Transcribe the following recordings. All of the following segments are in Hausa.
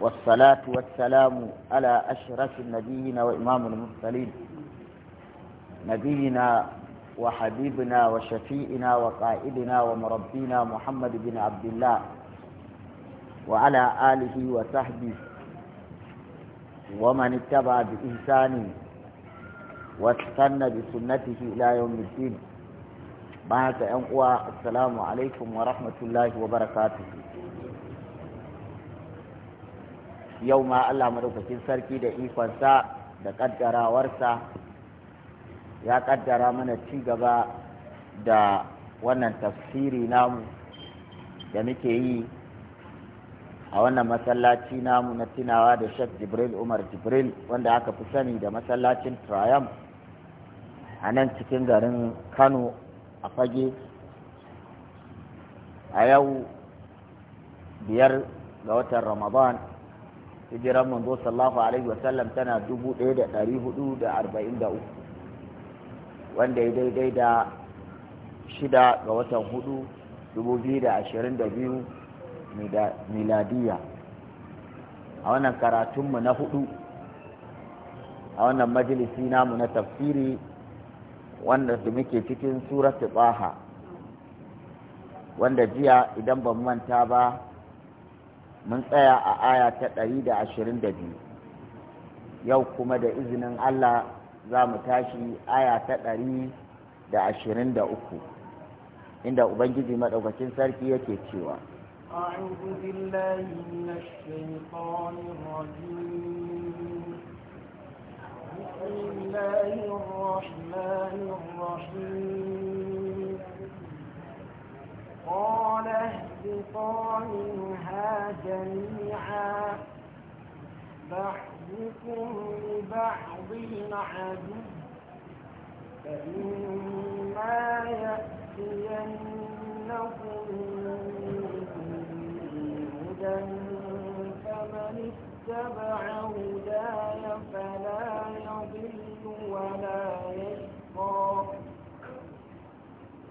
والصلاة والسلام على أشرف النبيين وإمام المرسلين نبينا وحبيبنا وشفيئنا وقائدنا ومربينا محمد بن عبد الله وعلى آله وصحبه ومن اتبع بإنسان واستنى بسنته إلى يوم الدين بعد أن السلام عليكم ورحمة الله وبركاته yau ma Allah madaukakin sarki da ikonsa da kaddarawarsa ya kaddara mana ci gaba da wannan tafsiri namu da muke yi a wannan masallaci namu na tunawa da Sheikh Jibril Umar Jibril wanda aka fi sani da masallacin Triumph a nan cikin garin Kano a fage a yau biyar ga watan Ramadan hijiran manzo sallallahu alaihi wasallam tana 1443 wanda ya daidai da shida ga watan hudu 2022 miladiya a wannan karatunmu na hudu a wannan majalisi namu na tafsiri wanda da muke cikin suratu baha wanda jiya idan ban manta ba mun tsaya a aya ta ɗari da ashirin da biyu yau kuma da izinin allah za mu tashi aya ta ɗari da ashirin da uku inda ubangiji maɗaukacin sarki yake cewa أعوذ بالله من الشيطان الرجيم بسم الله الرحمن الرحيم قال اهبطا منها جميعا بعضكم لبعض عدو فإما يأتينكم هدى فمن اتبع هداي فلا يضل ولا يشقى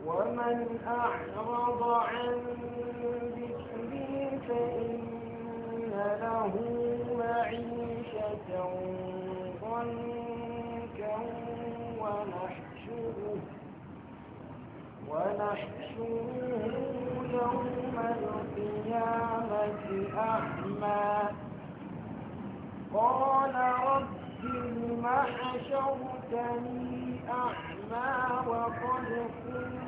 ومن أعرض عن ذكري فإن له معيشة ضنكا ونحشره ونحشره يوم القيامة أعمى قال رب لم حشرتني أعمى وقد كنت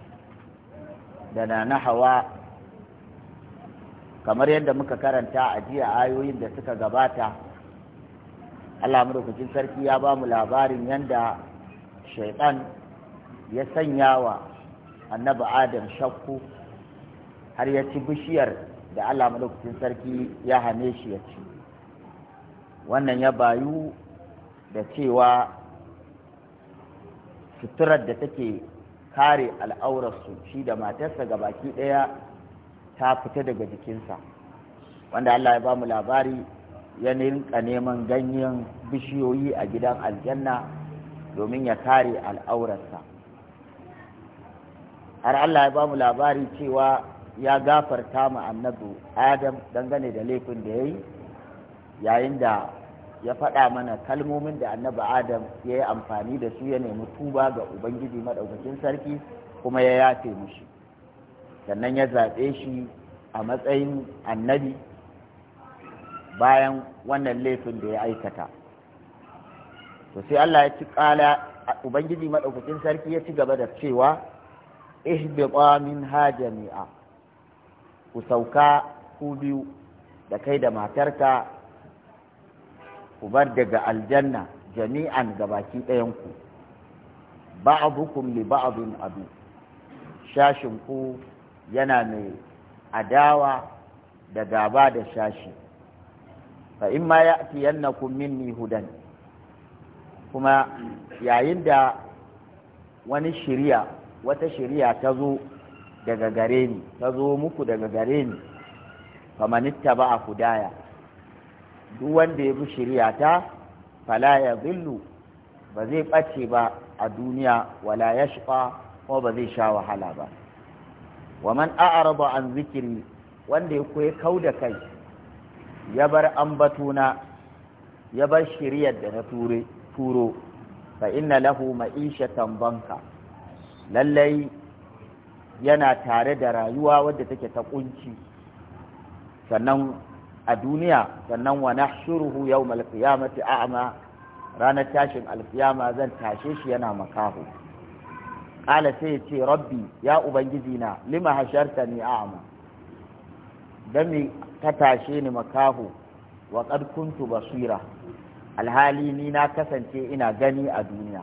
da na hawa kamar yadda muka karanta a jiya ayoyin da suka gabata Allah sarki ya ba mu labarin yadda shaitan ya sanya wa annabi adam shakku har ya ci bishiyar da Allah sarki ya hane shi ya ci wannan ya bayu da cewa suturar da take kare al'aurarsu shi da matarsa ga baki ɗaya ta fita daga jikinsa wanda Allah ya ba mu labari ya rinka neman ganyen bishiyoyi a gidan aljanna domin ya kare al'aurarsa har Allah ya ba mu labari cewa ya gafarta mu annabi adam dangane da laifin da ya yi yayin da ya faɗa mana kalmomin da annabi adam ya yi amfani da su ya nemi tuba ga ubangiji maɗaukakin sarki kuma ya yafe mushi sannan ya zaɓe shi a matsayin annabi bayan wannan laifin da ya aikata to sai Allah ya ci ƙala ubangiji maɗaukakin sarki ya ci gaba da cewa ihbiqa min jami'a ku sauka ku biyu da kai da matarka ku bar daga aljanna jami'an gabaki ɗayanku ba'abukum li ba'abin abu shashinku yana mai adawa da gaba da shashi fa in ma ya ya'tiyannakum minni hudan kuma yayin da wani shirya wata shirya ta zo daga gare ni ta zo muku daga gare ni kamanitta ba a hudaya duk wanda ya bi ta fala ya zillu ba zai ɓace ba a duniya wala ya shafa ko ba zai sha wahala ba wa man a'rada an zikiri wanda ya koyi kau da kai ya bar ambatuna ya bar shirya da na ture turo fa inna lahu ma'ishatan banka lallai yana tare da rayuwa wadda take ta kunci sannan a duniya sannan wa yau yawmal qiyamati a'ma ranar tashin alkiyama zan tashe shi yana makaho qala sai ce rabbi ya ubangiji na lima hashartani a'ma dan me ka tashe ni makaho wa qad basira alhali ni na kasance ina gani a duniya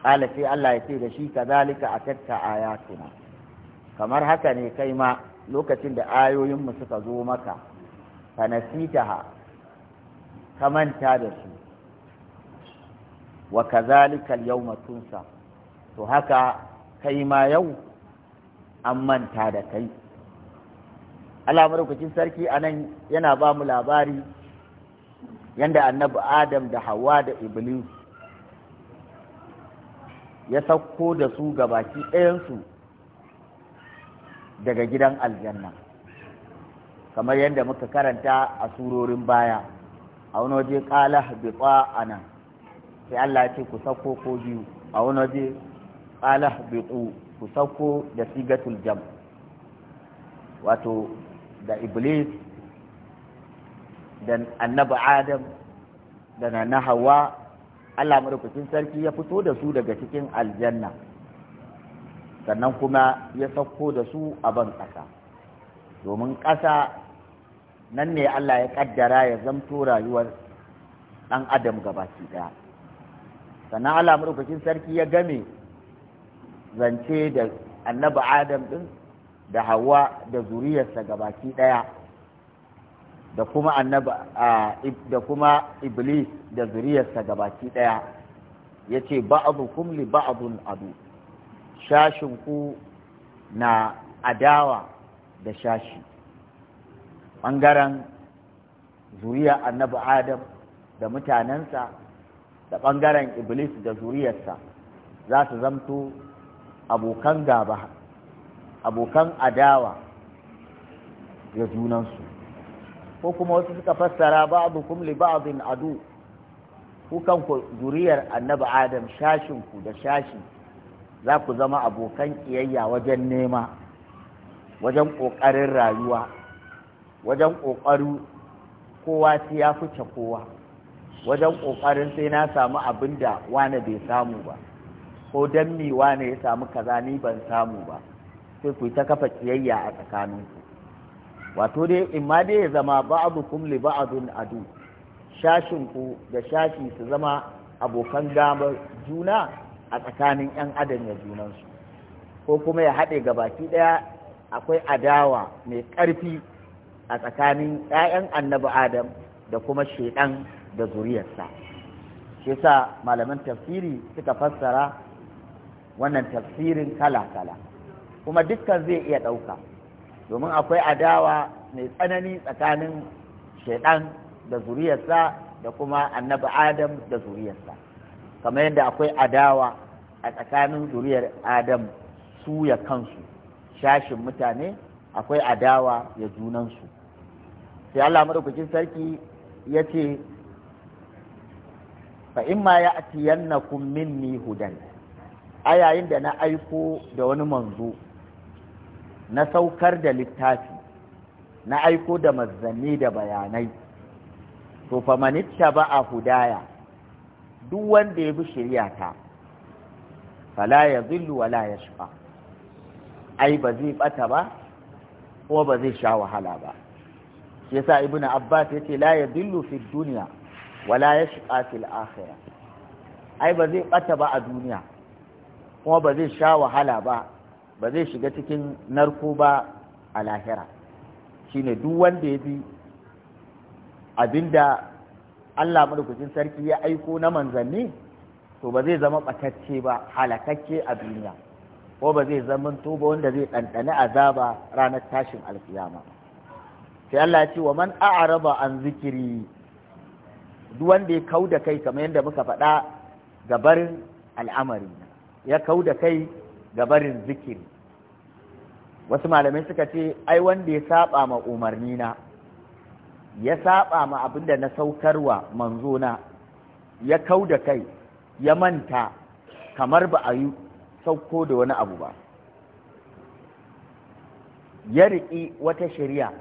Ƙalase sai Allah ya ce da shi kazalika atatta ayatuna kamar haka ne kai ma lokacin da ayoyinmu suka zo maka fanasitaha ka manta da su wa kazalika yau yawma tunsa to haka kai ma yau an manta da kai Allah madaukakin sarki anan yana ba mu labari yanda annabi Adam da Hawwa da Iblis ya sauko da su ga baki ɗayansu daga gidan aljanna kamar yadda muka karanta a surorin baya a wani waje ƙala biƙwa a nan sai Allah ce ku sauko ko biyu a wani waje ƙala biƙu ku sauko da sigatul jam wato da iblis da annabi adam da na hawa Allah madaukakin sarki ya fito da su daga cikin aljanna sannan kuma ya sauko da su a ban ƙasa domin ƙasa nan ne Allah ya ƙaddara ya zamto rayuwar ɗan adam gabaki ɗaya sannan Allah maɗaukakin sarki ya game zance da annabi adam ɗin da hawa da zuriyarsa gabaki ɗaya da kuma da kuma iblis da zuriyarsa gabaki ɗaya ya ce kumli li ba'adun abu. shashinku na adawa da shashi ɓangaren zuriya annabi adam da mutanensa da ɓangaren iblis da zuriyarsa za su zamto abokan gaba abokan adawa ga junansu ko kuma wasu suka fassara kumli ba abin adu ku kanku zuriyar annabi adam shashinku da shashi za ku zama abokan kiyayya wajen nema wajen ƙoƙarin rayuwa wajen ƙoƙaru kowa sai ya fice kowa wajen ƙoƙarin sai na samu abin da wane bai samu ba ko don me wane ya samu kaza ni ban samu ba sai ku ta kafa ƙiyayya a tsakaninku wato dai in ma dai ya zama ba'dukum li abin adu shashin ku da shashi su zama abokan gama juna a tsakanin 'yan adam ya junansu ko kuma ya haɗe baki ɗaya akwai adawa mai ƙarfi a tsakanin 'ya'yan annabi adam da kuma shaidan da zuriyarsa shi sa malaman tafsiri suka fassara wannan tafsirin kala-kala kuma dukkan zai iya ɗauka domin akwai adawa mai tsanani tsakanin shaidan da zuriyarsa da kuma annabi adam da zuriyarsa kamar yadda akwai adawa a tsakanin zuriyar adam su ya kansu shashin mutane akwai adawa ya junansu sai Allah madaukakin sarki ya ce fa imma ya atiyannakum minni hudan a yayin da na aiko da wani manzo na saukar da littafi na aiko da mazzanni da bayanai to fa manitta ba a hudaya duk wanda ya bi shari'a ta fala ya zillu wala ya shafa ai ba zai bata ba kuma ba zai sha wahala ba shi yasa ibnu abbas yace la yadillu fi dunya wala yashqa fil akhirah ai ba zai bata ba a duniya kuma ba zai sha wahala ba ba zai shiga cikin narko ba a lahira shine duk wanda ya bi abinda Allah madaukakin sarki ya aiko na manzanni to ba zai zama batacce ba halakakke a duniya ko ba zai zaman tuba wanda zai ɗanɗani azaba ranar tashin alkiyama sai Allah ya ce wa man a'araba an zikiri duk wanda ya da kai kamar yadda muka faɗa gabarin al'amari ya da kai gabarin zikiri wasu malamai suka ce ai wanda ya saba ma umarni na ya saba ma abin da na saukarwa na, ya kau da kai ya manta kamar ba a yi sauko da wani abu ba ya riƙi wata shari'a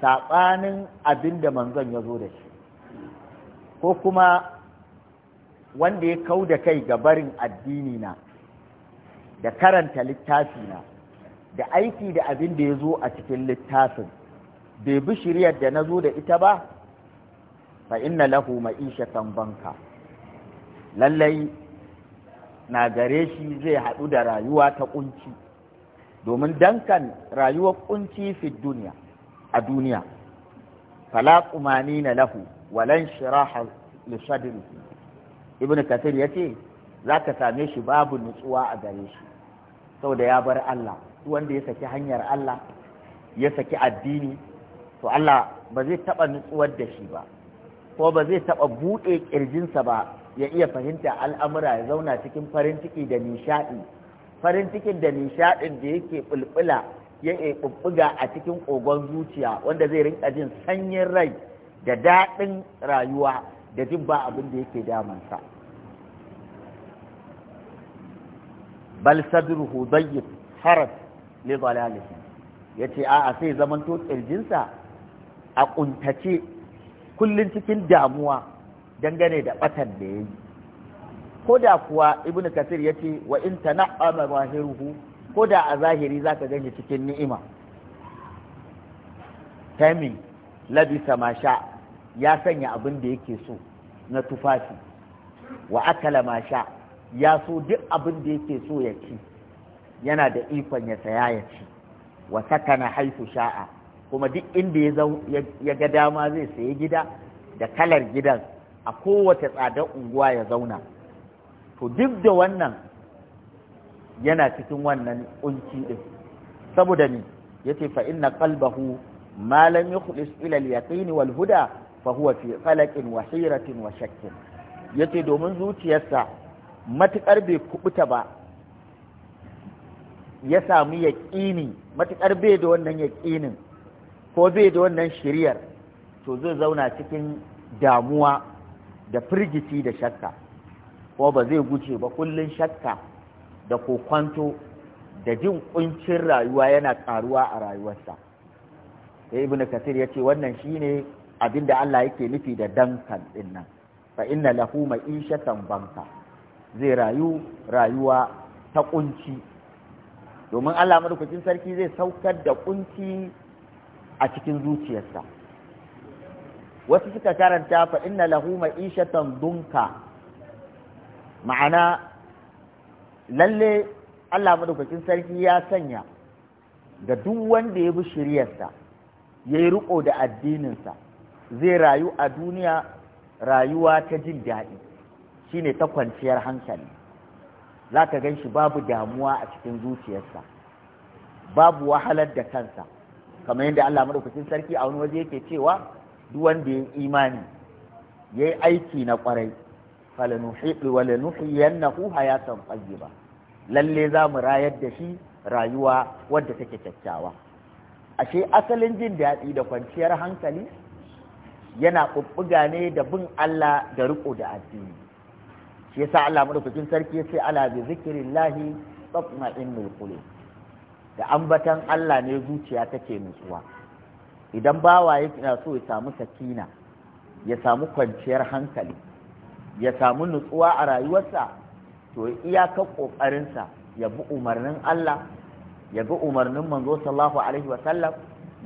saɓanin abin da manzon ya zo da shi ko kuma wanda ya kau da kai ga barin addini na da karanta littafi na da aiki da abin da ya zo a cikin littafin bai bi shiriyar da na zo da ita ba fa inna lahu ma'ishatan banka lallai na gare shi zai haɗu da rayuwa ta ƙunci domin dankan rayuwar ƙunci fi duniya a duniya fala ni na lahu walan shiraha lishadiri ibn kathir ya ce za ka same shi babu nutsuwa a gare shi sau ya bar Allah wanda ya saki hanyar Allah ya saki addini to Allah ba zai taɓa nutsuwar da shi ba ko ba zai taɓa buɗe ƙirjinsa ba ya iya fahimta al'amura ya zauna cikin farin ciki da nishaɗi farin cikin da nishaɗin da yake bulbula ya ɓuɓɓuga a cikin ƙogon zuciya wanda zai rinka jin sanyin rai da daɗin rayuwa da jin ba abin da yake damansa bal sadruhu dayyif haras li dalalihi yace a'a sai zamanto kirjinsa a kuntace kullun cikin damuwa dangane da batan da yayi ko da kuwa ibn kasir yace wa in tana'ama zahiruhu ko da a zahiri zaka gani cikin ni'ima tami labisa masha ya sanya abin da yake so na tufafi wa akala masha ya so duk abin da yake so ya ci yana da ikon ya saya ya ci wa sakana haifu sha'a kuma duk inda ya ga dama zai sayi gida da kalar gidan a kowace tsadar unguwa ya zauna to duk da wannan yana cikin wannan kunci din saboda ni yace fa inna qalbahu ma lam yukhlis ila al-yaqin wal huda fa huwa fi qalaqin wa hiratin wa shakkin yace domin zuciyarsa matukar bai kubuta ba ya samu yaƙini matukar bai da wannan yaƙinin ko bai da wannan shiriyar to zai zauna cikin damuwa da firgici da shakka ko ba zai guce ba kullun shakka da kokwanto da jin kuncin rayuwa yana karuwa a rayuwarsa sai ibnu kasir ya ce wannan shine abin da Allah yake nufi da dankan din nan fa inna lahu ma'ishatan banka zai rayu rayuwa ta kunci domin Allah madaukakin sarki zai saukar da kunci a cikin zuciyarsa wasu suka karanta fa inna lahu ma'ishatan dunka ma'ana lalle Allah madaukakin sarki ya sanya ga duk wanda ya bi shiryarsa ya yi riko da addininsa zai rayu a duniya rayuwa ta jin daɗi shine ta kwanciyar hankali za ka gan shi babu damuwa a cikin zuciyarsa babu wahalar da kansa kamar yadda Allah madaukakin sarki a wani waje yake cewa duk wanda ya imani ya yi aiki na kwarai yannahu hayatan tayyiba lalle za mu rayar da shi rayuwa wadda take kyakkyawa ashe asalin jin daɗi da kwanciyar hankali yana ɓuɓɓuga ne da bin Allah da riƙo da addini shi yasa Allah madaukakin sarki ya ce ala bi zikrillahi tatma'innul qulub da ambatan Allah ne zuciya take nutsuwa idan bawa na so ya samu sakina ya samu kwanciyar hankali ya samu nutsuwa a rayuwarsa to iyaka ƙoƙarinsa ya bi umarnin Allah ya bi umarnin manzo sallahu alaihi wasallam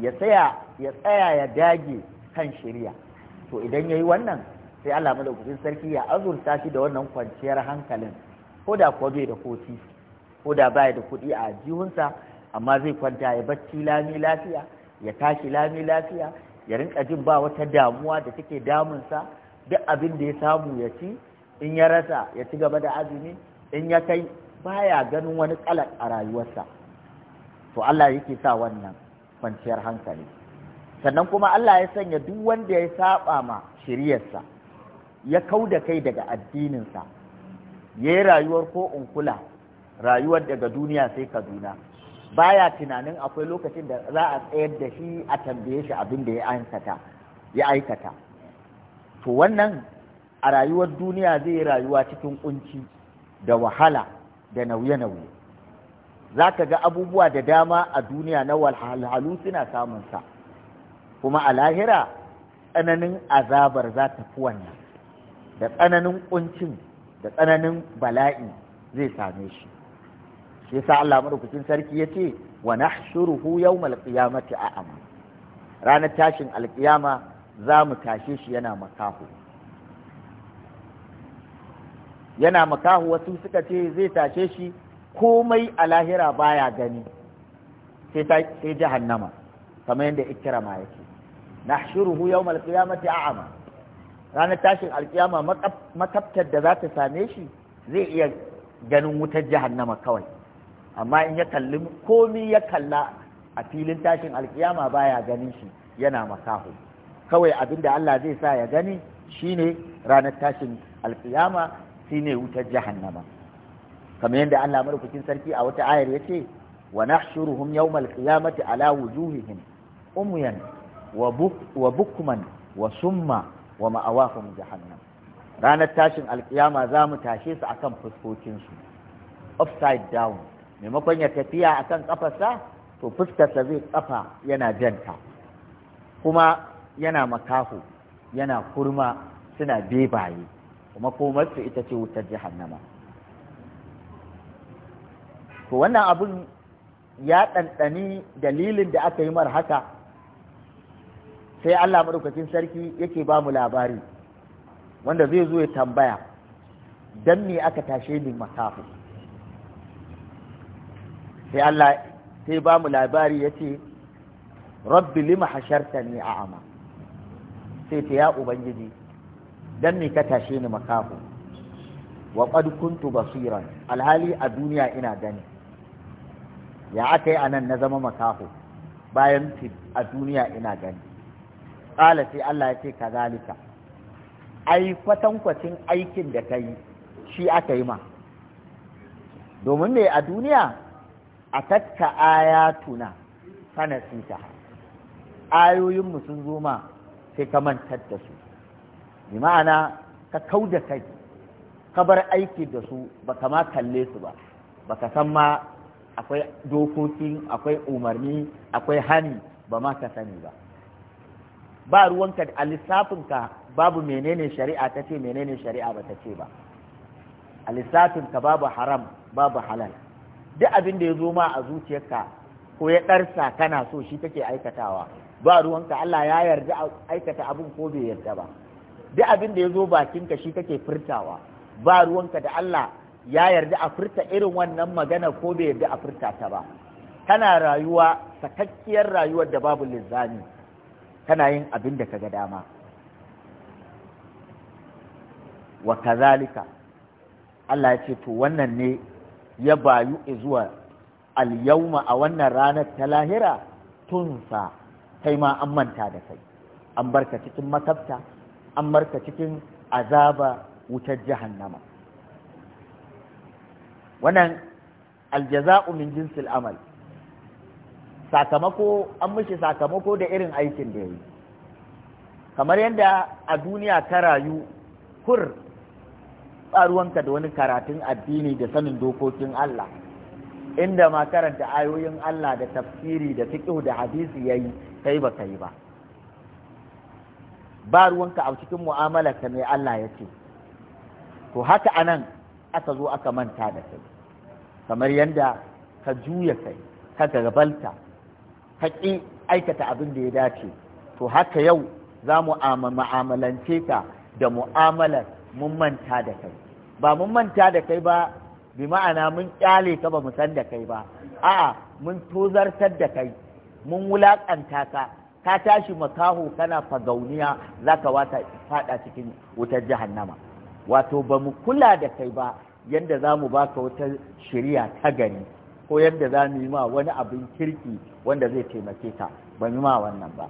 ya tsaya ya tsaya ya dage kan shari'a to idan yayi wannan sai Allah madaukakin sarki ya azurta shi da wannan kwanciyar hankalin ko da kuwa bai da koti ko da baya da kuɗi a jihunsa amma zai kwanta ya bacci lami lafiya ya tashi lami lafiya ya rinka jin ba wata damuwa da take damunsa duk abin da ya samu ya ci in ya rasa ya ci gaba da azumi in ya kai baya ganin wani kalak a rayuwarsa to Allah yake sa wannan kwanciyar hankali sannan kuma Allah ya sanya duk wanda ya saba ma shiriyarsa ya kau da kai daga addininsa ya yi rayuwar ko unkula rayuwar daga duniya sai kaduna baya tunanin akwai lokacin da za a tsayar da shi a tambaye shi abin da ya aikata ya aikata to wannan a rayuwar duniya zai yi rayuwa cikin kunci da wahala da nauye-nauye za ka ga abubuwa da dama a duniya na walhalhalu suna samun sa? kuma a lahira tsananin azabar za ta fi wannan da tsananin kuncin da tsananin bala'i zai same shi shi yasa Allah madaukakin sarki ya ce wa nahshuruhu yawmal qiyamati a'ama ranar tashin alkiyama za mu tashe shi yana makahu yana makahu wasu suka ce zai tashe shi komai a lahira baya gani sai jahannama kamar yadda ikirama ya yake nahshuruhu yawmal qiyamati a'ama ranar tashin alkiyama makaftar da za ta same shi zai iya ganin wutar jahannama kawai amma in ya kalli komi ya kalla a filin tashin alkiyama baya ganin shi yana makaho kawai abin da Allah zai sa ya gani shine ranar tashin alkiyama shine wutar jahannama kamar yadda Allah madaukakin sarki a wata ayar yace wa nahshuruhum yawmal qiyamati ala wujuhihim umyan wa bukman wa summa wa ma'awahum jahannam ranar tashin alkiyama za mu tashe su akan fuskokinsu upside down maimakon ya tafiya a kan ƙafarsa, to fuskarsa zai ƙafa yana janta kuma yana makaho yana kurma suna bebaye kuma komarsu ita ce wutar nama. to wannan abun ya ɗanɗani dalilin da aka yi mar haka sai Allah maɗaukacin sarki yake ba mu labari wanda zai zo ya tambaya don me aka tashe ni makafu sai Allah sai ba mu labari yace rabbi lima a a'ama sai ta ya ubangiji dan me ka tashe ni makafu wa kuntu basiran alhali a duniya ina gani ya aka yi anan na zama makafu bayan a duniya ina gani ƙala sai Allah ya ce kazalika ai kwatankwacin aikin da ka yi shi aka yi ma domin ne a duniya a tatta ayatuna fanasita ayoyin ayoyinmu sun zo ma sai ka mantar da su bi ma'ana ka kauda kai ka bar aiki da su ka ma kalle su ba ba ka san ma akwai dokoki akwai umarni akwai hani ba ma ka sani ba ba ruwanka a lissafinka babu menene shari'a ta ce menene shari'a ba ta ce ba a lissafinka babu haram babu halal duk abin da ya zo ma a zuciyarka ko ya ɗarsa kana so shi take aikatawa ba ruwanka Allah ya yarda aikata abin ko bai yarda ba duk abin da ya zo bakinka shi take furtawa ba ruwanka da Allah ya yarda a furta irin wannan magana ko bai yarda a furta ta ba kana rayuwa sakakkiyar rayuwar da babu linzami kana yin abin da ka ga dama wa kazalika Allah ya ce to wannan ne ya bayu zuwa al a wannan ranar ta lahira tun sa kai ma an manta da kai an barka cikin makabta an barka cikin azaba wutar jahannama wannan aljaza'u min jinsil amal sakamako an mishi sakamako da irin aikin da ya yi kamar yadda a duniya ta rayu kur ba da wani karatun addini da sanin dokokin Allah inda ma karanta ayoyin Allah da tafsiri da fiqh da hadisi yayi kai ba yi ba ba ruwanka a cikin mu'amalar ka mai Allah ya ce to haka anan aka zo aka manta da kai kamar yadda ka juya kai ka garbalta ka ƙi aikata abin da ya dace to haka yau za mu ma'amalance ka da mu'amalar mun manta da kai ba mun manta da kai ba bi ma'ana mun kyale ka ba mu san da kai ba a'a mun tozartar da kai mun wulakanta ka ka tashi makaho kana fagauniya za ka wata fada cikin wutar jahannama wato ba mu kula da kai ba yadda za mu baka wata shirya ta gari ko yadda za mu yi ma wani abin kirki wanda zai taimake ka ba mu ma wannan ba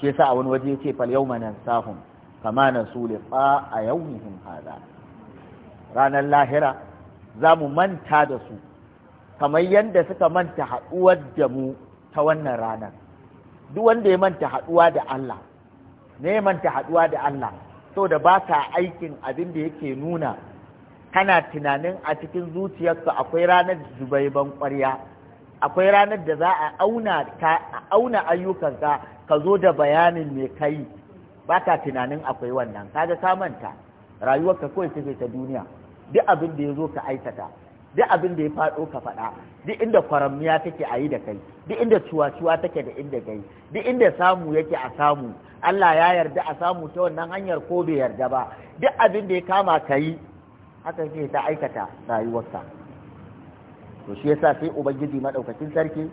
shi yasa a wani waje yace fal yawma nansahum kama na su a yawmihim haza ranar lahira za mu manta da su kamar yadda suka manta haɗuwar da mu ta wannan ranar duk wanda ya manta haɗuwa da Allah ne manta haɗuwa da Allah so da ba ka aikin abin da yake nuna kana tunanin a cikin zuciyarka akwai ranar zubaiban ƙwarya akwai ranar da za a auna ayyukanka ka zo da bayanin mai kai ba ta tunanin akwai wannan kaga ka manta rayuwarka kawai take ta duniya duk abin da ya zo ka aikata duk abin da ya faɗo ka faɗa duk inda kwarammiya take a yi da kai duk inda cuwa-cuwa take da inda gai duk inda samu yake a samu Allah ya yarda a samu ta wannan hanyar ko bai yarda ba duk abin da ya kama ka yi haka ke ta aikata rayuwarka to shi yasa sai ubangiji madaukakin sarki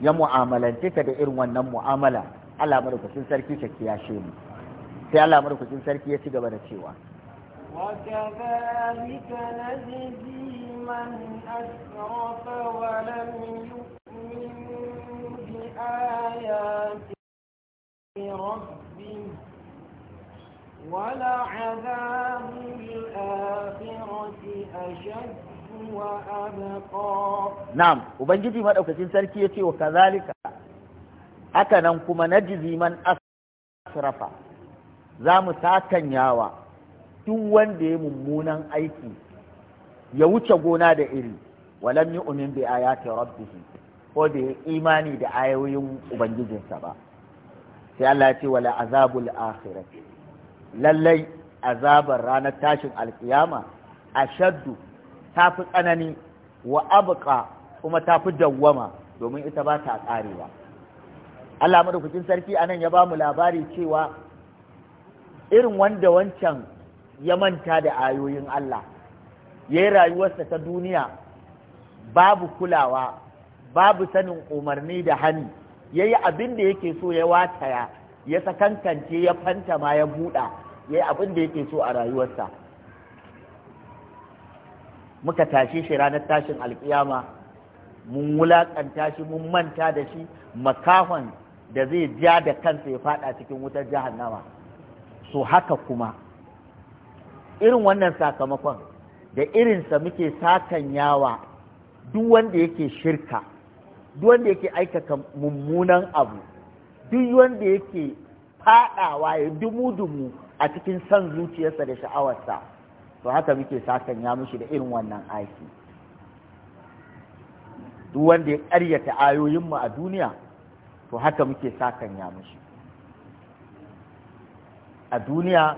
ya mu'amalance ka da irin wannan mu'amala Allah madaukakin sarki ta kiyashe mu sai Allah madaukakin sarki ya ci gaba da cewa وكذلك نجزي من أسرف ولم يؤمن بآيات ربه ولعذاب الآخرة أشد وأبقى نعم وبنجدي ما أوكسين سلكيتي وكذلك haka nan نجزي من أسرف za mu satanyawa duk wanda ya mummunan aiki ya wuce gona da iri walam yu'min bi ayati rabbih ko da ya imani da ayoyin ubangijinsa ba sai Allah ya ce wala azabul akhirah lallai azabar ranar tashin alkiyama ashaddu tafi tsanani wa abqa kuma fi dawwama domin ita ba ta karewa Allah madaukakin sarki anan ya ba mu labari cewa irin wanda wancan ya manta da ayoyin Allah ya yi rayuwarsa ta duniya babu kulawa babu sanin umarni da hani ya yi abin da yake so ya wataya ya sakankance ya fanta ma ya buɗa ya yi abin da yake so a rayuwarsa muka tashe shi ranar tashin alkiyama mun wulaƙanta shi mun manta da shi makahon da zai ja da kansa ya faɗa cikin wutar jihar nama to haka kuma irin wannan sakamakon da irinsa muke sakanyawa duk wanda yake shirka duk wanda yake aikata mummunan abu duk wanda yake faɗawa ya dumu-dumu a cikin son zuciyarsa da sha'awarsa to haka muke sakanya mushi da irin wannan aiki duk wanda ya ƙaryata ayoyinmu a duniya to haka muke sakanya mushi a duniya ya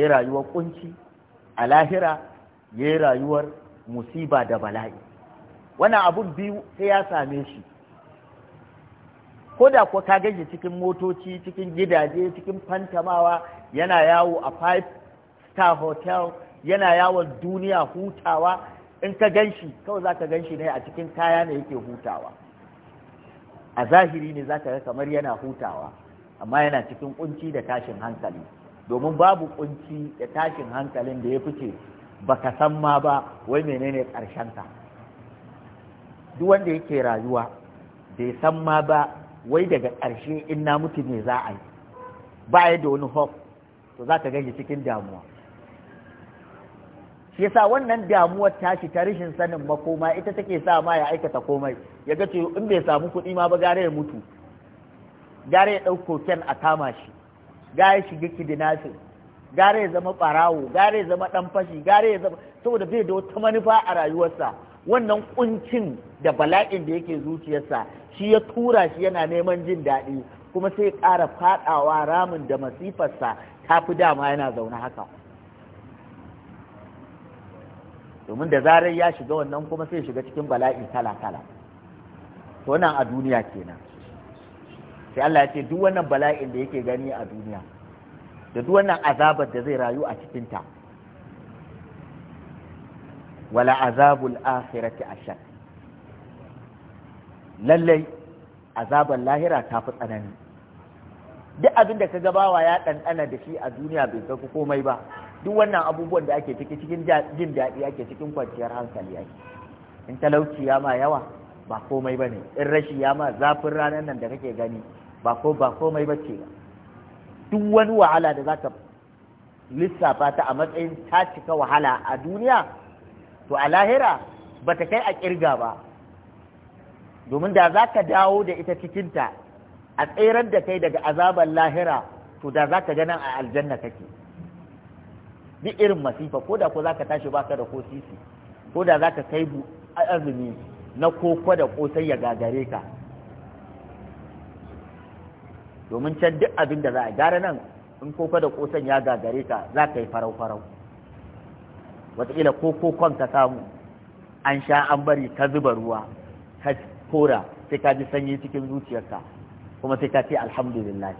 yi rayuwar kunci a lahira ya yi rayuwar musiba da bala'i wannan abun biyu sai ya same shi ko da ko ka gaji cikin motoci cikin gidaje cikin fantamawa yana yawo a five star hotel yana yawon duniya hutawa in ka gan shi kawai za ka gan shi ne a cikin kaya ne yake hutawa a zahiri ne za ka ga kamar yana hutawa amma yana cikin kunci da tashin hankali domin babu kunci da tashin hankalin da ya fice baka san ma ba wai menene ƙarshen ka duk wanda yake rayuwa bai san ma ba wai daga ƙarshe in na mutu ne za a yi ba ya da wani hope to za ka gaji cikin damuwa shi yasa wannan damuwar tashi ta rashin sanin makoma ita take sa ma ya aikata komai ya ga ce in bai samu kuɗi ma ba gare ya mutu gare ya ɗauko ken a kama shi ga ya shiga kidinafin gare ya zama ɓarawo gare ya zama ɗan fashi gare ya zama saboda zai da wata manufa a rayuwarsa wannan kuncin da bala'in da yake zuciyarsa shi ya tura shi yana neman jin daɗi kuma sai ƙara faɗawa ramin da masifarsa ta fi dama yana zaune haka domin da zarar ya shiga wannan kuma sai shiga cikin bala'i kala-kala to nan a duniya kenan sai Allah ya ce duk wannan bala'in da yake gani a duniya da duk wannan azabar da zai rayu a cikinta wala azabul akhirati ashad lallai azabar lahira ta fi tsanani duk abin da ka bawa ya ɗanɗana da shi a duniya bai ga komai ba duk wannan abubuwan da ake ciki cikin jin daɗi ake cikin kwanciyar hankali ake in talauci ya ma yawa ba komai ba ne in rashi ya ma zafin ranar nan da kake gani ba ko ba komai bace ba duk wani wahala da zaka lissafa ta a matsayin ta cika wahala a duniya to a lahira bata kai a kirga ba domin da zaka dawo da ita cikinta a tseren da kai daga azabar lahira to da zaka ga nan a aljanna kake duk irin masifa ko da ko zaka tashi baka da ko sisi ko da zaka kai azumi na koko da kosai ya gagare ka domin can duk abin da za a gara nan in koko da kosan ya gagare ka za ka yi farau farau wataƙila ko kokon ka samu an sha an bari ka zuba ruwa ka kora sai ka ji sanyi cikin zuciyarka kuma sai ka ce alhamdulillah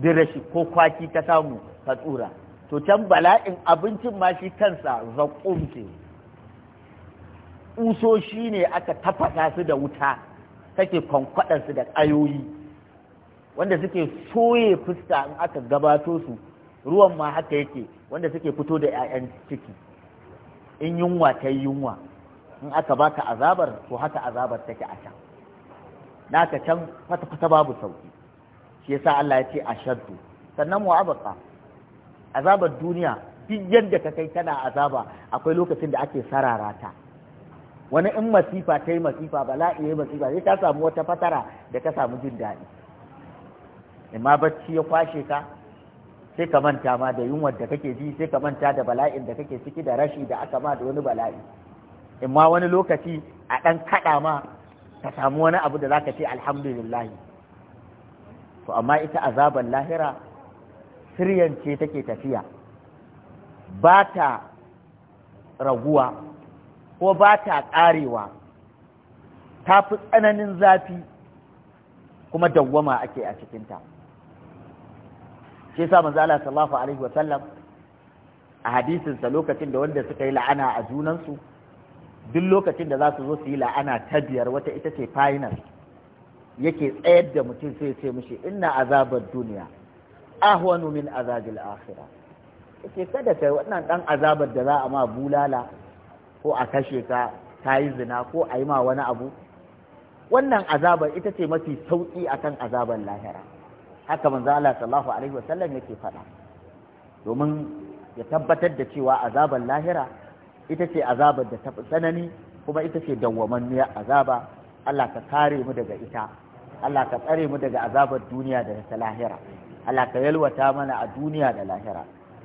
duk rashi ko kwaki ka samu ka tsura to can bala'in abincin ma shi kansa zaƙum ce usoshi ne aka tafasa su da wuta kake su da ƙayoyi wanda suke soye fuska in aka gabato su ruwan ma haka yake wanda suke fito da 'ya'yan ciki in yunwa ta yunwa in aka baka azabar to haka azabar take a can naka can fata-fata babu sauki shi yasa Allah ya ce ashaddu sannan wa azabar duniya duk yadda ka kai tana azaba akwai lokacin da ake sararata. wani in masifa ta yi masifa bala'i ya yi masifa sai ta samu wata fatara da ka samu jin daɗi amma bacci ya kwashe ka sai ka manta ma da yunwar da kake ji sai ka manta da bala'in da kake ciki da rashi da aka ma da wani bala'i amma wani lokaci a ɗan kaɗa ma ka samu wani abu da za ka ce alhamdulillahi to amma ita azabar lahira siryance take tafiya ba ta raguwa ko ba ta ƙarewa ta fi tsananin zafi kuma dawwama ake a cikinta shi sa manzo Allah alaihi wasallam a hadisinsa lokacin da wanda suka yi la'ana a junansu duk lokacin da za su zo su yi la'ana ta biyar wata ita ce final yake tsayar da mutum sai ce mishi inna azabar duniya ahwanu min azabil akhirah yake kada kai wannan dan azabar da za a ma bulala ko a kashe ka ta yi zina ko a yi ma wani abu wannan azabar ita ce mafi sauƙi akan azabar lahira haka manzo Allah sallallahu alaihi wasallam yake faɗa domin ya tabbatar da cewa azabar lahira ita ce azabar da ta tsanani kuma ita ce dawwamanniyar azaba Allah ka kare mu daga ita Allah ka tsare mu daga azabar duniya da ta lahira Allah ka yalwata mana a duniya da lahira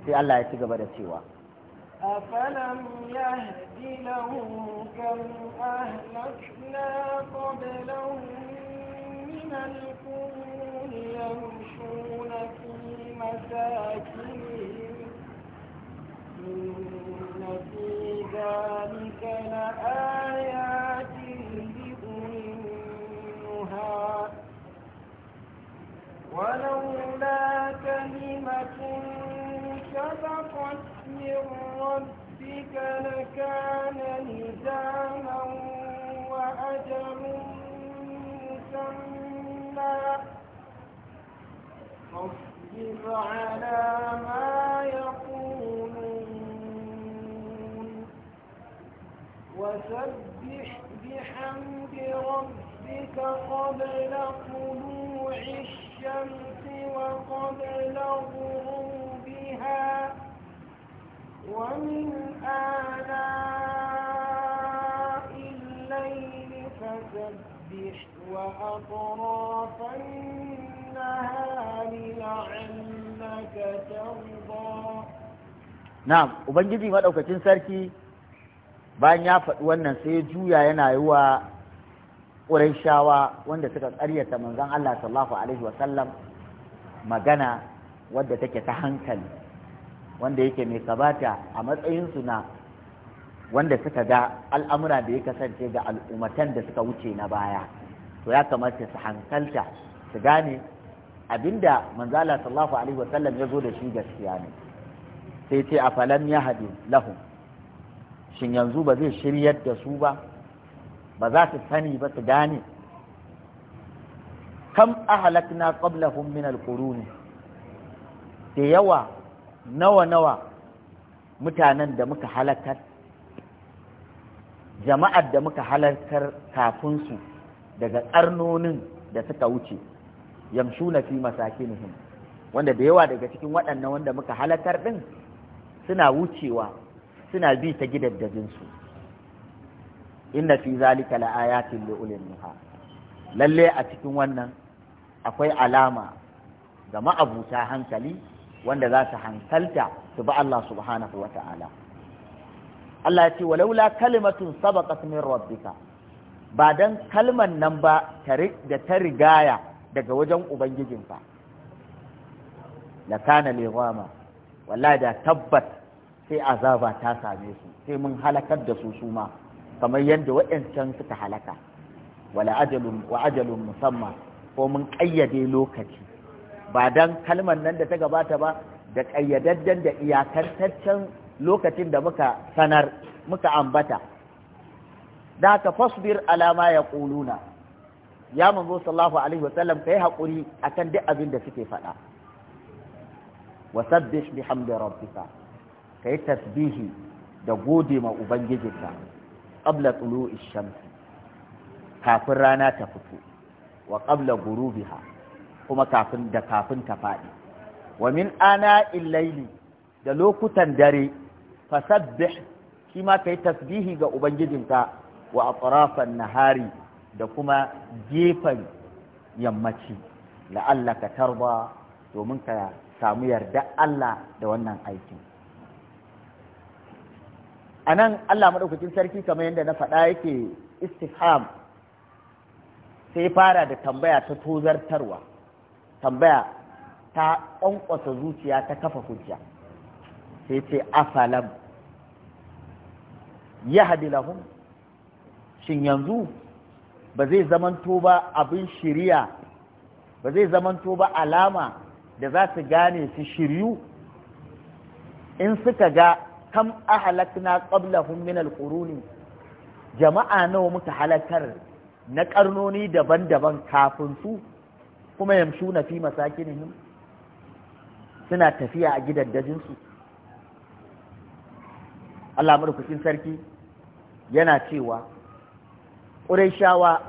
sai Allah ya ci gaba da cewa أفلم يهد لهم كم أهلكنا قبلهم من القرون يمشون في مساكنهم إن في ذلك لآيات لأولي ولولا كلمة سبقت من ربك لكان لزاما وأجل مسمى فاصبر على ما يقولون وسبح بحمد ربك قبل طلوع الشمس وقبل غروبها شيئا ومن آلاء الليل فسبح وأطراف النهار لعلك ترضى نعم وبنجدي ما sarki bayan ya faɗi wannan sai juya yana yi wa ƙurayshawa wanda suka ƙaryata manzon Allah sallallahu alaihi wasallam magana wadda take ta hankali wanda yake mai kabata a matsayin na wanda suka ga al'amura da ya kasance ga al'ummatan da suka wuce na baya to ya kamata su hankalta su gane abinda manzala sallallahu alaihi wasallam ya zo da shi gaskiya ne sai ce a falam ya hadu lahum shin yanzu ba zai shiryar da su ba ba za su sani ba su gane kam ahalakna qablahum min alquruni da yawa nawa nawa mutanen da muka halakar jama'ar da muka halartar kafinsu daga ƙarnonin da suka wuce na fi masakinihim wanda da yawa daga cikin waɗannan wanda muka halakar ɗin suna wucewa suna bi ta gidaddajinsu inna fi zalika la'ayatin li'ulil nuha lalle a cikin wannan akwai alama ga ma'abuta hankali wanda za su hankalta su bi Allah subhanahu wa ta'ala Allah ya wa laula kalimatun sabaqat min rabbika ba dan kalman nan ba da ta rigaya daga wajen ubangijinka lakana kana lighama wallahi da tabbat sai azaba ta same su sai mun halakar da su suma kamar yadda waɗancan suka halaka wala wa ajalun musamman ko mun ƙayyade lokaci ba dan kalmar nan da ta gabata ba da ƙayyadadden da iyakantaccen lokacin da muka sanar muka ambata da ka fasbir alama ya ƙuluna ya manzo sallallahu alaihi wasallam ka yi haƙuri akan duk abin da suke faɗa wasabbih bihamdi rabbika ka yi tasbihi da gode ma ubangijinka qabla tulu'i shams kafin rana ta fito wa qabla gurubiha kuma kafin da kafin ta faɗi wa min ana illaili da lokutan dare fasabbih shi ma kai tasbihi ga ubangijinka wa atrafan nahari da kuma gefen yammaci la'allaka tarba domin ka samu yarda Allah da wannan aikin a nan Allah maɗaukacin sarki kamar yadda na faɗa yake istifham sai fara da tambaya ta tozartarwa tambaya ta ƙwanƙwasa zuciya ta kafa hujja sai ce afalam ya haɗi lahun shin yanzu ba zai zamanto ba abin shiriya ba zai zamanto ba alama da za su gane su shiryu in suka ga kam a halakna qablahum min ƙuruni jama'a nawa muka halakar na ƙarnoni daban-daban kafin su kuma na fi masakinihim suna tafiya a gidan dajinsu. Allah madaukakin sarki yana cewa ƙurayshawa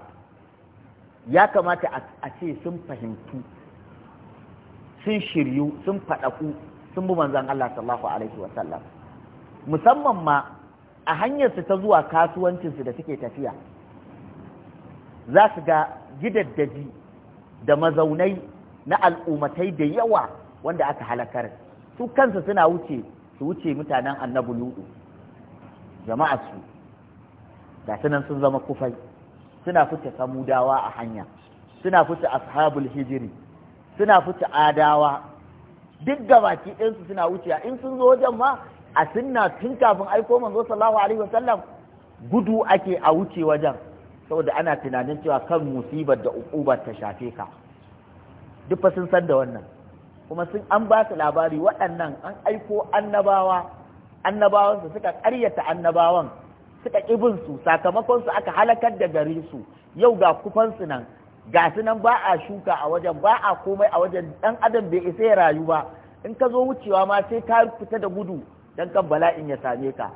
ya kamata a ce sun fahimtu sun shiryu sun faɗaƙu sun bi manzan Allah sallallahu alaihi wa sallam musamman ma a hanyarsu ta zuwa kasuwancinsu da suke tafiya za su ga gidaddaji da mazaunai na al'umatai da yawa wanda aka halakar su kansu suna wuce su wuce mutanen annabu lu'u jama'a su da sunan sun zama kufai suna fice samudawa a hanya suna fice ashabul hijiri suna fice adawa duk gabaki ɗinsu suna wuce in sun zo wajen ma a sunna tun kafin aiko manzo sallallahu alaihi wasallam gudu ake a wuce wajen saboda ana tunanin cewa kan musibar da uqubar ta shafe ka duk fa sun san da wannan kuma sun an ba su labari waɗannan an aiko annabawa annabawan su suka ƙaryata annabawan suka ƙibin su sakamakon su aka halakar da gari su yau ga kufan su nan ga su nan ba a shuka a wajen ba a komai a wajen dan adam bai isa ya rayu ba in ka zo wucewa ma sai ka fita da gudu dan kan bala'in ya same ka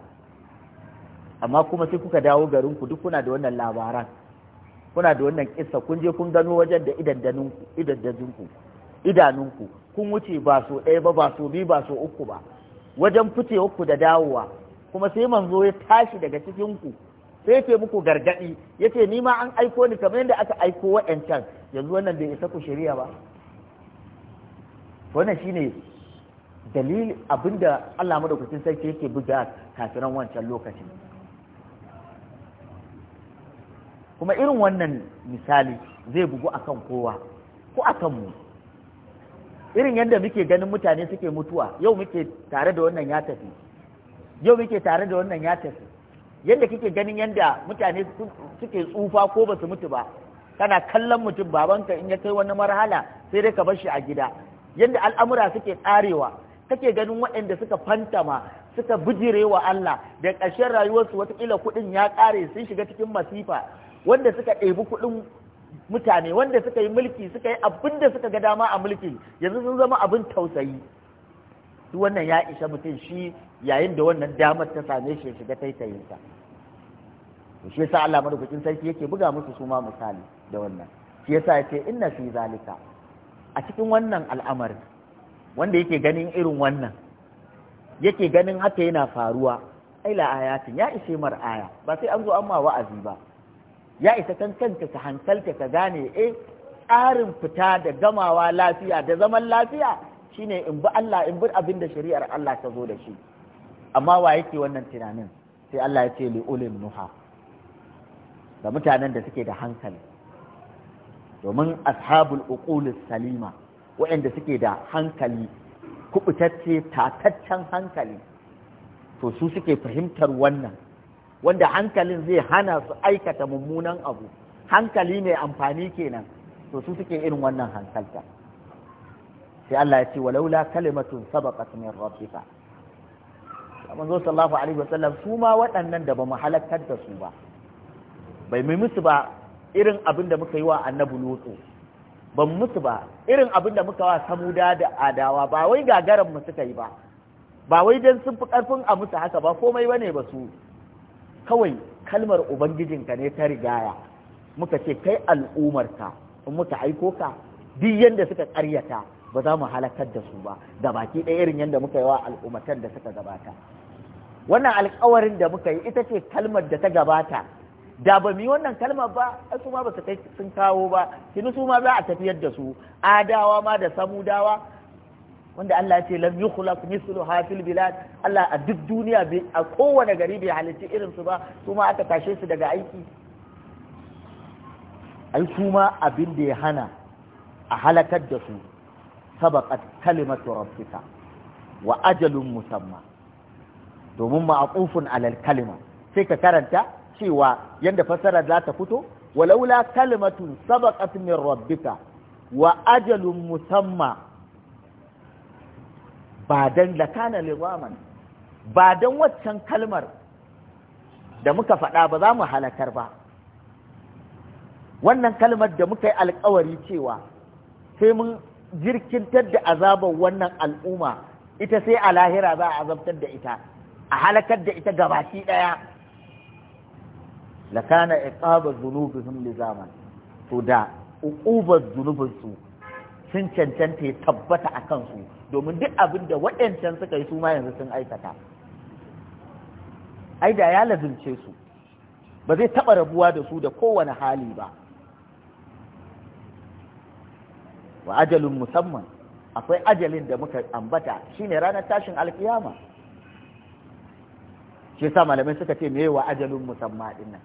amma kuma sai kuka dawo garin ku duk kuna da wannan labaran kuna da wannan kissa kun je kun gano wajen da ku idanunku kun wuce ba so ɗaya ba ba so biyu ba so uku ba wajen uku da dawowa kuma sai manzo ya tashi daga cikin ku sai yake muku gargaɗi yace ni ma an aiko ni kamar yadda aka aiko wa'ancan yanzu wannan bai isa ku shari'a ba wannan shine dalilin abinda Allah madaukakin sarki yake buga kafiran wancan lokacin kuma irin wannan misali zai bugu akan kowa ko a kanmu irin yadda muke ganin mutane suke mutuwa yau muke tare da wannan ya tafi yau muke tare da wannan ya tafi yadda kike ganin yadda mutane suke tsufa ko ba su mutu ba kana kallon mutum babanka in ya kai wani marhala sai dai ka bar shi a gida yadda al'amura suke tsarewa kake ganin waɗanda suka fantama suka bijirewa Allah da ƙarshen rayuwarsu watakila kuɗin ya ƙare sun shiga cikin masifa wanda suka ɗebi kuɗin mutane wanda suka yi mulki suka yi abin da suka ga dama a mulki yanzu sun zama abin tausayi Su wannan ya isa mutum shi yayin da wannan damar ta same shi shiga taitayinsa shi yasa Allah madaukakin sarki yake buga musu su ma misali da wannan shi yasa yace inna fi zalika a cikin wannan al'amari wanda yake ganin irin wannan yake ganin haka yana faruwa ai ayatin ya ishe mar ba sai an zo an ma wa'azi ba ya isa kankanta ta hankalta ta gane eh tsarin fita da gamawa lafiya da zaman lafiya shine in bi Allah in bi abin da shari'ar Allah ta zo da shi amma wa yake wannan tunanin sai Allah ya ce li ulil nuha da mutanen da suke da hankali domin ashabul uqulis salima waɗanda suke da hankali kubutacce takaccen hankali to su suke fahimtar wannan wanda hankalin zai hana su aikata mummunan abu hankali mai amfani kenan to su suke irin wannan hankalta sai Allah ya ce walaula kalimatun sabaqat min rabbika zo sallallahu alaihi wasallam su ma waɗannan da ba mu halakar da su ba bai mai musu ba irin abin da muka yi wa annabi lutsu ban musu ba irin abin da muka wa samuda da adawa ba wai gagaran mu suka yi ba ba wai dan sun fi karfin a musu haka ba komai bane ba su kawai kalmar ubangijinka ne ta rigaya muka ce kai al'umarka in muka aiko ka duk yanda suka karyata ba za mu halakar da su ba da baki ɗaya irin yadda muka yi wa al'ummatan da suka gabata wannan alkawarin da muka yi ita ce kalmar da ta gabata da ba mu yi wannan kalmar ba su ma ba su kai sun kawo ba kini su ma za a tafiyar da su adawa ma da samudawa wanda Allah ya ce lam yukhlaq mithluha fil bilad Allah a duk duniya a kowane gari bai halitta irin su ba su ma aka tashe su daga aiki ai su ma abin da ya hana a halakar da su sabaqat kalimatu rabbika wa ajalun musamma domin ma'aqufun alal kalima sai ka karanta cewa yanda fasara za ta fito walaula kalimatun sabaqat min rabbika wa ajalun musamma ba dan lakana lizaman ba dan waccan kalmar da muka faɗa ba za mu halakar ba wannan kalmar da muka yi alkawari cewa sai mun jirkintar da azabar wannan al'umma ita sai a lahira za a azabtar da ita a halakar da ita gabashi ɗaya lakana iqaba zunubihim lizaman to da uqubar zunubinsu sun cancanta ya tabbata a kansu domin duk abin da waɗancan suka yi su ma yanzu sun aikata ai da ya lazimce su ba zai taɓa rabuwa da su da kowane hali ba wa ajalin musamman akwai ajalin da muka ambata shine ranar tashin alkiyama shi sa malamai suka ce me wa ajalin musamman din nan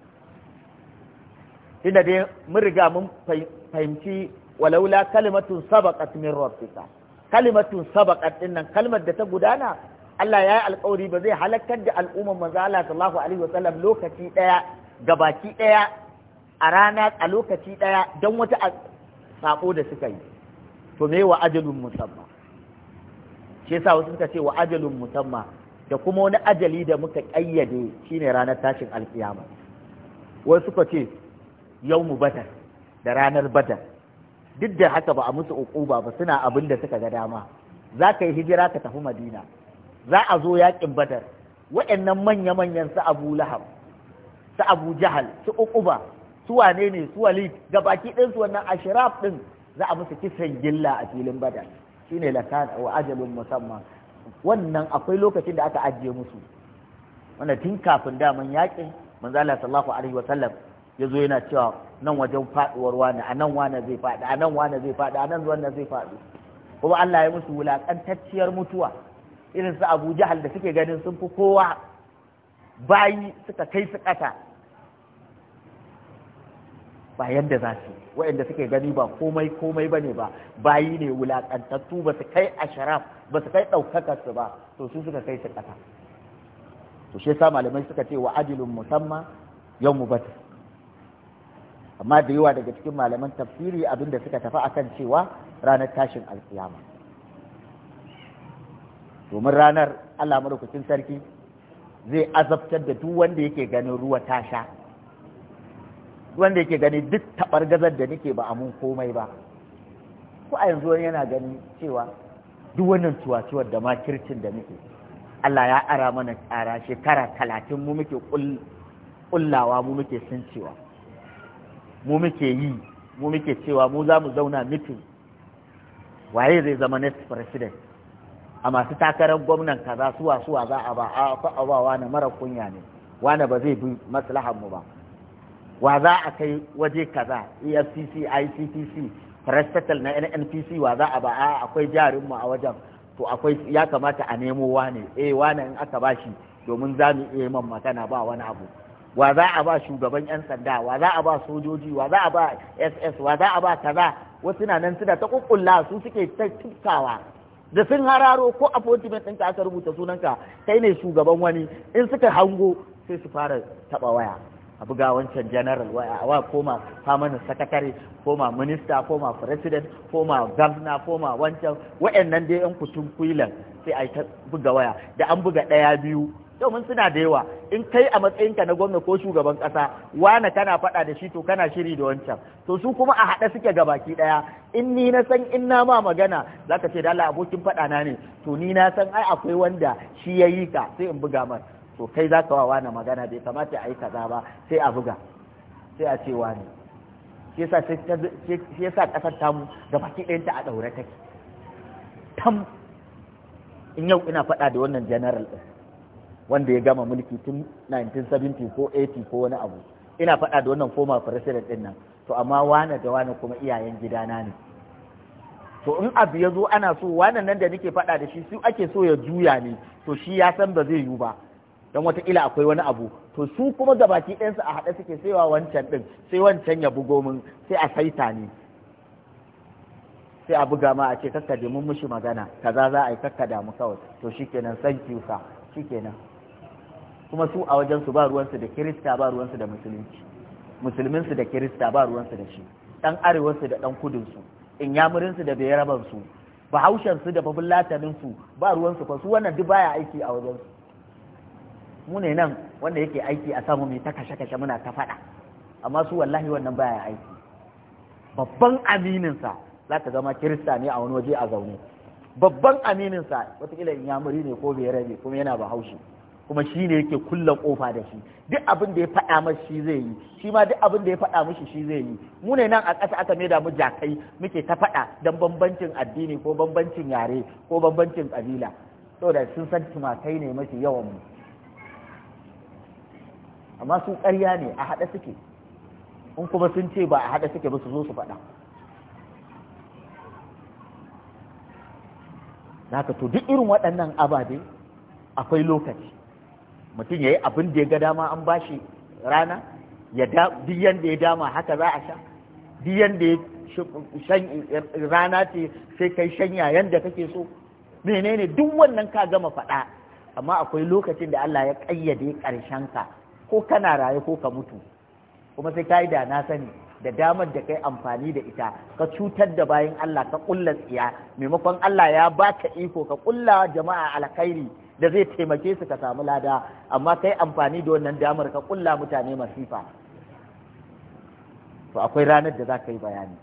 inda dai mun riga mun fahimci walaula kalimatun sabaqat min rabbika kalimatun sabaqat dinnan kalmar da ta gudana Allah ya yi alkawari ba zai halakar da al'ummar manzo Allah sallallahu alaihi sallam lokaci daya gabaki daya a rana a lokaci daya don wata sako da suka yi to me wa ajalun musamma shi yasa wasu suka ce wa ajalun musamma da kuma wani ajali da muka kayyade shine ranar tashin alkiyama wasu suka ce yawmu badar da ranar badar duk da haka ba a musu uquba ba suna abin da suka ga dama za ka yi hijira ka tafi madina za a zo yaƙin badar waɗannan manya-manyan su abu lahab su abu jahal su uquba su wane ne su walid ga baki ɗin su wannan ashiraf ɗin za a musu kisan gilla a filin badar shine lakan wa ajalun musamman wannan akwai lokacin da aka ajiye musu wanda tun kafin daman yaƙin manzala sallallahu alaihi wa sallam ya zo yana cewa nan wajen faɗuwar wani a nan wani zai faɗi a nan wani zai faɗi a nan wani zai faɗi kuma Allah ya musu wulaƙantacciyar mutuwa irin su Abu Jahal da suke ganin sun fi kowa bayi suka kai su ƙasa ba yadda za su waɗanda suke gani ba komai komai bane ba bayi ne wulaƙantattu ba su kai asharaf ba su kai ɗaukakar su ba to su suka kai su ƙasa to shi yasa malamai suka ce wa ajilun musamman yau mu amma da yawa daga cikin malaman tafsiri abinda suka tafi akan cewa ranar tashin alkiyama domin ranar Allah madaukakin sarki zai azabtar da duk wanda yake ganin ruwa ta sha wanda yake gani duk tabar gazar da nake ba a mun komai ba ko a yanzu wani yana gani cewa duk wannan ciwaciwar da makircin da muke Allah ya ara mana tsara shekara talatin mu muke kullawa mu muke sun mu muke yi mu muke cewa mu za mu zauna mitin waye zai zama next president a masu takarar gwamnan kaza suwa suwa za a ba a fa a ba wani mara kunya ne wani ba zai bi maslahar mu ba wa za a kai waje kaza EFCC ICTC prestatal na NNPC wa za a ba a akwai jarin mu a wajen to akwai ya kamata a nemo wane eh wane in aka bashi domin za mu iya yi magana ba wani abu wa za a ba shugaban yan sanda wa za a ba sojoji wa za a ba ss wa za a ba kaza wasu na nan suna ta kukkulla su suke ta tukkawa da sun hararo ko appointment ɗinka aka rubuta sunanka kai ne shugaban wani in suka hango sai su fara taɓa waya a buga wancan general wa koma permanent sakatare koma minista koma president koma gamna koma wancan wa'annan dai yan kutun kwilan sai a ta buga waya da an buga ɗaya biyu domin suna da yawa in kai a matsayinka na gwamna ko shugaban ƙasa wane kana faɗa da shi to kana shiri da wancan to su kuma a haɗa suke ga baki ɗaya in ni na san in na ma magana zaka ce da Allah abokin faɗa na ne to ni na san ai akwai wanda shi ya yi ka sai in buga mar to kai za ka wa wani magana bai kamata a yi kaza ba sai a buga sai a ce wani shi yasa ƙasar tamu da baki ɗayanta a ɗaure take tam in yau ina faɗa da wannan general ɗin wanda ya gama mulki tun 1970 ko 80 ko wani abu ina faɗa da wannan former president ɗin nan to amma wani da wani kuma iyayen gidana ne to in abu ya zo ana so wannan nan da nake faɗa da shi su ake so ya juya ne to shi ya san ba zai yiwu ba Don wataƙila akwai wani abu to su kuma gabaki ɗayansu a haɗe suke sai wancan ɗin sai wancan ya bugo min sai a saita ni sai a buga ma a ce kakka da mun mushi magana kaza za a yi kakka damu kawai to shikenan san kiusa shikenan kuma su a wajen su ba ruwansu da kirista ba ruwan su da musulunci musulminsu da kirista ba ruwansu da shi dan su da dan kudinsu inyamurinsu da bayarabansu bahaushensu da su ba ruwansu fa su wannan duk baya aiki a wajen su. mu ne nan wanda yake aiki a samu mai ta kashe-kashe muna ta faɗa amma su wallahi wannan baya aiki babban amininsa za ka zama kirista ne a wani waje a zaune babban amininsa watakila in yamuri ne ko bai rabe kuma yana haushi kuma shi ne yake kulla kofa da shi duk abin da ya faɗa mashi shi zai yi shi ma duk abin da ya faɗa mashi shi zai yi mu ne nan a kasa aka maida mu jakai muke ta faɗa don bambancin addini ko bambancin yare ko bambancin ƙabila saboda sun san tumakai ne mafi yawan mu amma su ƙarya ne a haɗa suke in kuma sun ce ba a haɗa suke ba su zo su faɗa ka to duk irin waɗannan ababe akwai lokaci mutum ya yi abin da ya ga dama an bashi rana ya duk da ya dama haka za a sha duk da ya rana ce sai kai shanya yanda kake so menene duk wannan ka gama faɗa amma akwai lokacin da Allah ya ƙayyade ƙarshen ka ko kana raye ko ka mutu kuma sai ka yi da na sani da damar da kai amfani da ita ka cutar da bayan Allah ka kulla tsiya maimakon Allah ya baka iko ka kulla jama'a alkhairi da zai taimake su ka samu lada amma kai amfani da wannan damar ka kulla mutane masifa to akwai ranar da za ka yi bayani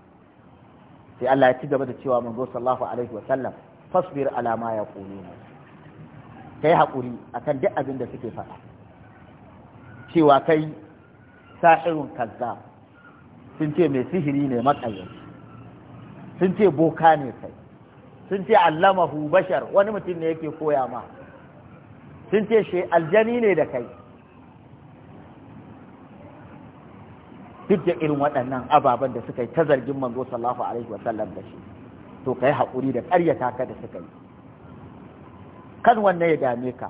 sai Allah ya ci gaba da cewa manzo sallallahu alaihi wasallam fasbir ala ma yaquluna kai hakuri akan duk abin da suke faɗa cewa kai sahirun kaza sun ce mai sihiri ne matsayin sun ce boka ne kai sun ce allamahu bashar wani mutum ne yake koya ma sun ce shi aljani ne da kai duk da irin waɗannan ababen da suka yi ta zargin manzo sallallahu alaihi wa sallam da shi to kai haƙuri da ƙaryata ka da suka yi kan wannan ya dame ka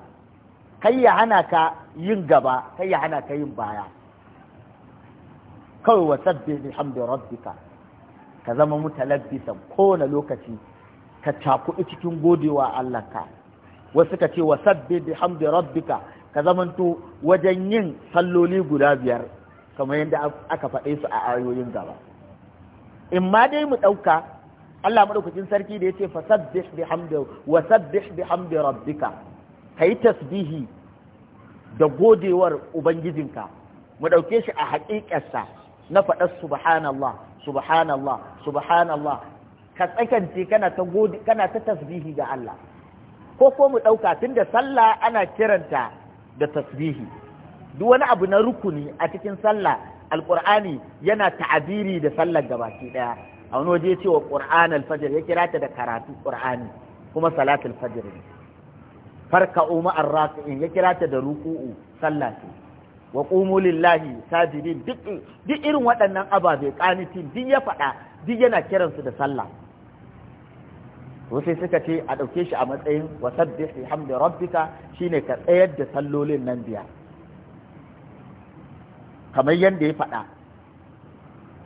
kai ya hana ka yin gaba kai ya hana ka yin baya kawai wa sabbi bihamdi rabbika ka zama mutalabbisan kowane lokaci ka cakuɗi cikin godewa Allah ka wasu ka ce wa sabbi bihamdi rabbika ka zamanto wajen yin salloli guda biyar kamar yadda aka faɗe su a ayoyin gaba in ma dai mu ɗauka Allah maɗaukakin sarki da ya ce fasabbih bihamdi wa sabbih bihamdi rabbika ka yi tasbihi da godewar ubangijinka mu ɗauke shi a haƙiƙarsa na faɗar subhanallah subhanallah subhanallah ka tsakance kana ta kana ta tasbihi ga Allah ko ko mu ɗauka tunda sallah ana kiranta da tasbihi duk wani abu na rukuni a cikin sallah Alƙur'ani yana ta'abiri da sallar gabaki daya a wani waje wa ƙur'an alfajr ya kira ta da karatu ƙur'ani kuma salatul fajr ne farka'u ma'ar in ya kira ta da ruku'u sallah ce wa qumu lillahi sajidin duk duk irin waɗannan ababe qanitin duk ya faɗa duk yana kiransu da sallah to sai suka ce a ɗauke shi a matsayin wasa bihamdi rabbika shine ka tsayar da sallolin nan biyar kamar yadda ya faɗa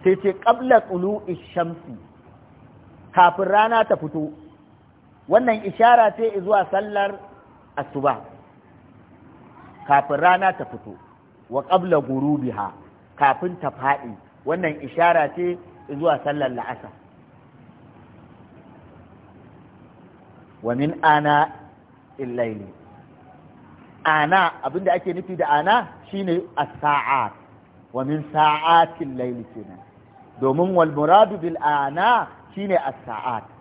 sai ce qabla tulu'i shamsi kafin rana ta fito wannan ishara ce zuwa sallar asuba kafin rana ta fito wa ƙabla gurubiha kafin ta faɗi wannan ishara ce zuwa sallar la'asar wa min ana illaili ana abinda ake nufi da ana shine as-sa'a wa min sa'atil kenan domin wal muradu bil ana shine as-sa'at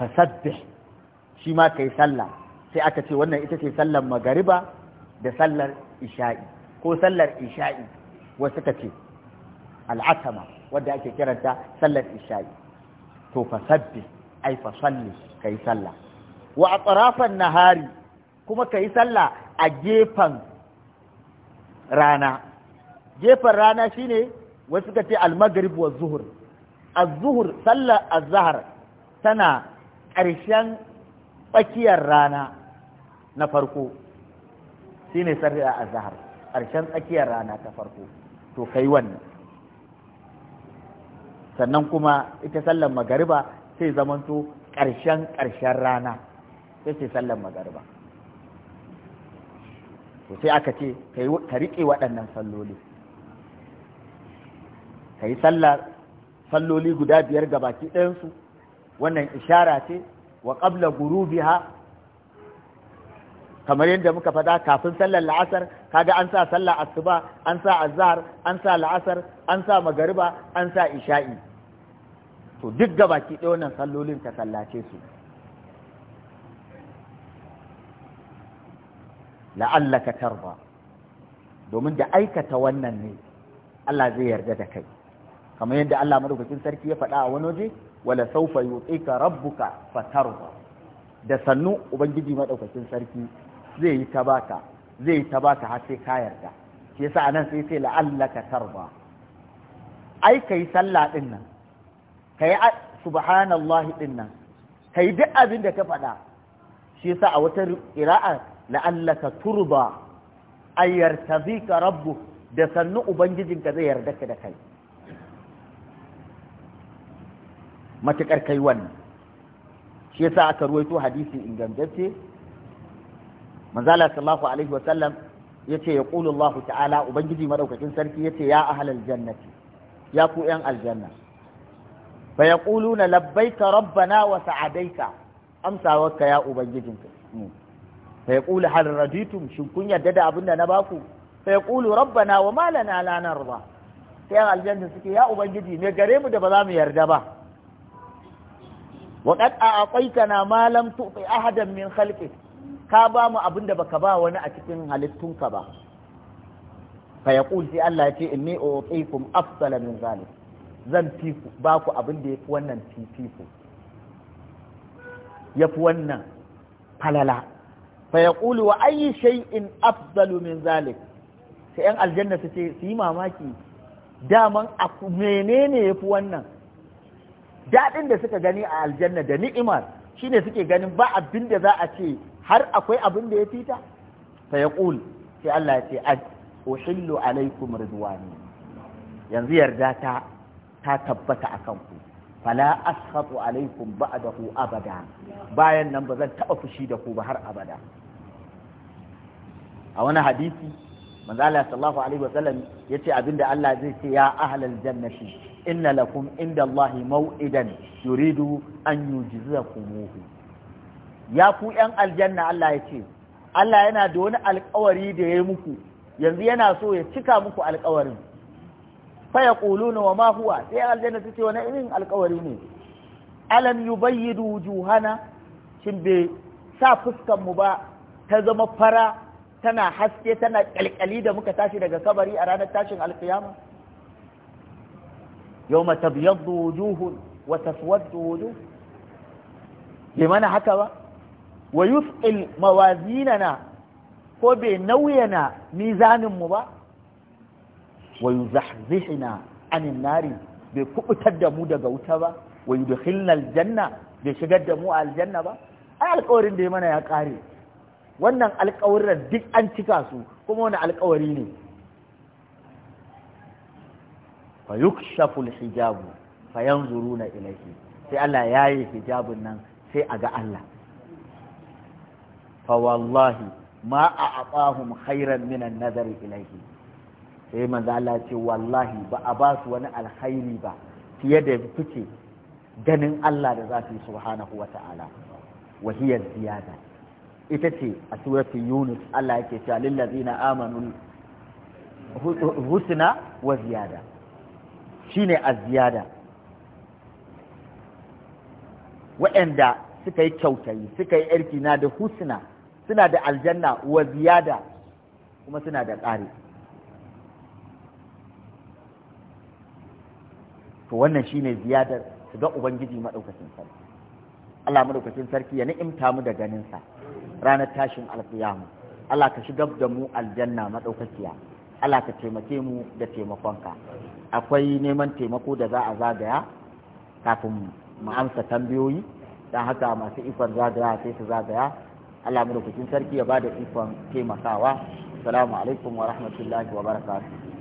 fasabbih shi ma kai sallah sai aka ce wannan ita ce sallar magariba da sallar isha'i ko sallar isha'i wasu ka ce al'atama wadda ake kiranta sallar isha'i to fasabbih ai fasalli kai sallah wa atrafan nahari kuma kai sallah a gefen rana gefen rana shine wasu ka ce al-maghrib wa zuhur az-zuhur sallar az-zahr tana ƙarshen tsakiyar rana na farko shine a azhar ƙarshen tsakiyar rana ta farko to kai wannan sannan kuma ita sallan magariba sai zamanto ƙarshen ƙarshen rana sai sai sallan magariba to sai aka ce ka riƙe waɗannan salloli ka yi sallar salloli guda biyar gabaki ɗayansu wannan ishara ce wa qabla gurubiha kamar yadda muka faɗa kafin sallar la'asar kaga an sa sallar asuba an sa azhar an sa la'asar an sa magariba an sa isha'i to duk gabaki ɗaya wannan sallolin ta sallace su la'allaka tarba domin da aikata wannan ne Allah zai yarda da kai kamar yadda Allah madaukakin sarki ya faɗa a wani waje wala saufa yutika rabbuka fatarda da sannu ubangiji madaukakin sarki zai yi ta baka zai yi ta baka har sai ka yarda shi yasa anan sai sai la'allaka tarba ai kai sallah din nan kai subhanallahi din nan kai duk abin da ka faɗa shi yasa a wata qira'a la'allaka turba ay ka rabbu da sannu ubangijinka zai yarda ka da kai matuƙar kai wannan shi yasa aka ruwaito hadisi ingantacce manzala sallallahu alaihi wa sallam yace ya qulu Allah ta'ala ubangiji madaukakin sarki yace ya ahlal jannati ya ku yan aljanna fa yaquluna labbaika rabbana wa amsa amsawarka ya ubangijinka fa yaqulu hal raditum shin kun yarda da abinda na baku fa yaqulu rabbana wa ma lana la narda sai aljanna suke ya ubangiji ne gare mu da ba za mu yarda ba wa qad a'taytana ma lam tu'ti ahadan min khalqik ka ba mu abin baka ba wani a cikin halittunka ba fa yaqul sai Allah ya ce inni u'tikum afdala min zalik zan fiku ba ku abin da yafi wannan fifiku yafi wannan falala fa yaqulu wa ayyi shay'in afdalu min zalik sai yan aljanna su ce su yi mamaki daman menene yafi wannan daɗin da suka gani a aljanna da ni'imar shine suke ganin ba abin da za a ce har akwai abin da ya fita fa yaqul sai Allah ya ce uhillu alaikum ridwani yanzu yarda ta ta tabbata kan ku fala askhatu alaikum ba'dahu abada bayan nan ba zan taba fushi da ku ba har abada a wani hadisi manzo Allah sallallahu alaihi wasallam yace abinda Allah zai ce ya ahlal jannati inna lakum inda Allah mau'idan yuridu an yujizakumuhu ya ku yan aljanna Allah ya ce Allah yana da wani alƙawari da ya yi muku yanzu yana so ya cika muku alƙawarin. fa yaquluna wa ma huwa sai aljanna su wani irin alƙawari ne alam yubayyidu wujuhana shin bai sa fuskan mu ba ta zama fara tana haske tana kalkali da muka tashi daga kabari a ranar tashin alkiyama Yau tabyaddu wujuhun wa taswaddu bai mana haka ba wa yusqil mawazinana ko bai nauyana mizanin mu ba wa yuzahzihina anin nari bai kuɓutar da mu daga wuta ba wa yudkhilna aljanna bai shigar da mu aljanna ba ai alƙawarin da ya mana ya ƙare wannan alƙawarin duk an cika su kuma wani alƙawari ne fa yukshafu hijabu fa yanzuruna ilayhi sai Allah ya yi hijabun nan sai a ga Allah fa wallahi ma a aqahum khairan min an-nazari ilayhi sai manzo Allah ce wallahi ba a ba su wani alkhairi ba fiye da fice ganin Allah da za su yi subhanahu wa ta'ala wa hiya ziyada ita ce a surati yunus Allah yake cewa ladina amanu husna wa ziyada shine aziyada waɗanda suka yi kyautayi suka yi yarki na da husna suna da aljanna wa ziyada kuma suna da ƙari to wannan shine ziyadar su ga ubangiji maɗaukacin sarki Allah maɗaukacin sarki ya ni'imta mu da ganinsa ranar tashin alƙiyamu Allah ka shigar da mu aljanna maɗaukaciya Allah ka taimake mu da taimakonka akwai neman taimako da za a zagaya kafin mu amsa tambayoyi don haka masu ikon zagaya sai su zagaya Allah madaukakin sarki ya bada ikon taimakawa assalamu alaikum wa rahmatullahi wa barakatuh